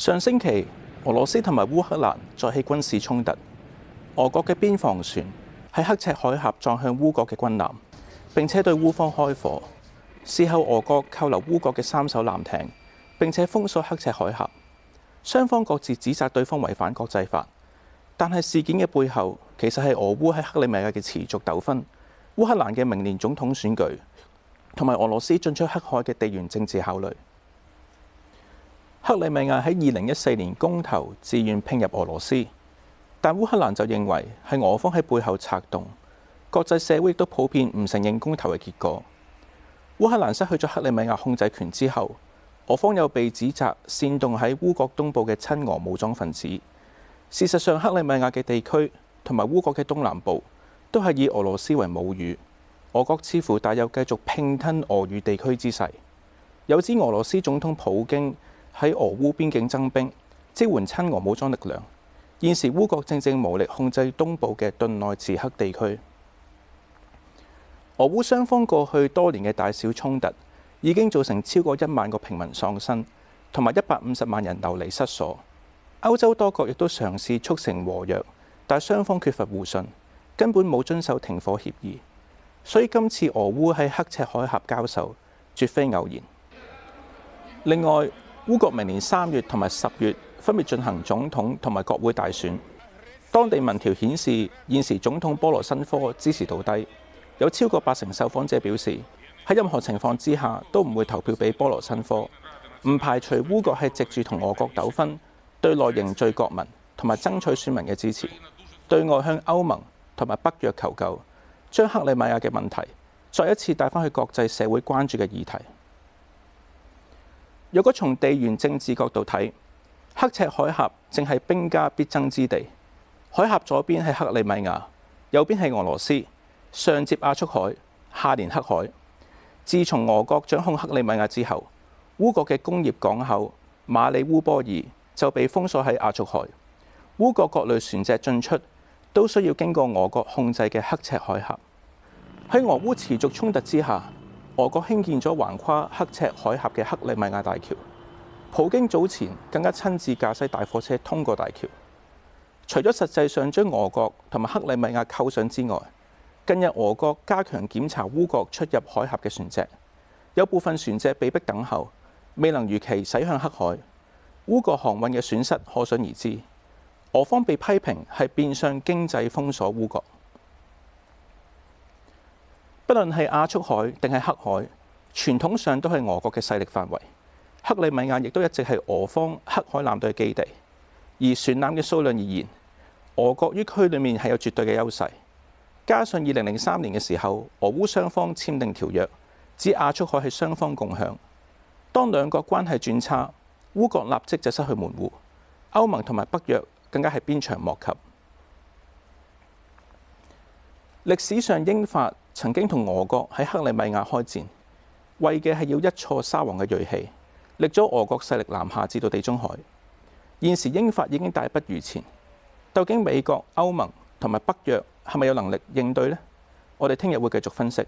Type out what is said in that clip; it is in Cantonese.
上星期，俄羅斯同埋烏克蘭再起軍事衝突，俄國嘅邊防船喺黑赤海峽撞向烏國嘅軍艦，並且對烏方開火。事後俄國扣留烏國嘅三艘艦艇，並且封鎖黑赤海峽。雙方各自指責對方違反國際法，但係事件嘅背後其實係俄烏喺克里米亞嘅持續糾紛、烏克蘭嘅明年總統選舉，同埋俄羅斯進出黑海嘅地緣政治考慮。克里米亞喺二零一四年公投自願拼入俄羅斯，但烏克蘭就認為係俄方喺背後策動，國際社會亦都普遍唔承認公投嘅結果。烏克蘭失去咗克里米亞控制權之後，俄方又被指責煽動喺烏國東部嘅親俄武裝分子。事實上，克里米亞嘅地區同埋烏國嘅東南部都係以俄羅斯為母語，俄國似乎大有繼續拼吞俄語地區之勢。有指俄羅斯總統普京，喺俄烏邊境增兵，支援親俄武裝力量。現時烏國正正無力控制東部嘅頓內茨克地區。俄烏雙方過去多年嘅大小衝突，已經造成超過一萬個平民喪生，同埋一百五十萬人流離失所。歐洲多國亦都嘗試促成和約，但雙方缺乏互信，根本冇遵守停火協議。所以今次俄烏喺刻赤海峽交手，絕非偶然。另外，烏國明年三月同埋十月分別進行總統同埋國會大選。當地民調顯示，現時總統波羅申科支持度低，有超過八成受訪者表示，喺任何情況之下都唔會投票俾波羅申科。唔排除烏國係藉住同俄國糾紛，對內凝聚國民同埋爭取選民嘅支持，對外向歐盟同埋北約求救，將克里米亞嘅問題再一次帶返去國際社會關注嘅議題。若果從地緣政治角度睇，黑赤海峽正係兵家必爭之地。海峽左邊係克里米亞，右邊係俄羅斯，上接亞速海，下連黑海。自從俄國掌控克里米亞之後，烏國嘅工業港口馬里烏波爾就被封鎖喺亞速海。烏國各類船隻進出都需要經過俄國控制嘅黑赤海峽。喺俄烏持續衝突之下，俄國興建咗橫跨刻赤海峽嘅克里米亞大橋，普京早前更加親自駕駛大貨車通過大橋。除咗實際上將俄國同埋克里米亞扣上之外，近日俄國加強檢查烏國出入海峽嘅船隻，有部分船隻被迫等候，未能如期駛向黑海。烏國航運嘅損失可想而知。俄方被批評係變相經濟封鎖烏國。不論係亞速海定係黑海，傳統上都係俄國嘅勢力範圍。克里米亞亦都一直係俄方黑海艦隊嘅基地。而船艦嘅數量而言，俄國於區裏面係有絕對嘅優勢。加上二零零三年嘅時候，俄烏雙方簽訂條約，指亞速海係雙方共享。當兩國關係轉差，烏國立即就失去門戶。歐盟同埋北約更加係鞭長莫及。歷史上英法曾經同俄國喺克里米亞開戰，為嘅係要一挫沙皇嘅銳氣，力阻俄國勢力南下至到地中海。現時英法已經大不如前，究竟美國、歐盟同埋北約係咪有能力應對呢？我哋聽日會繼續分析。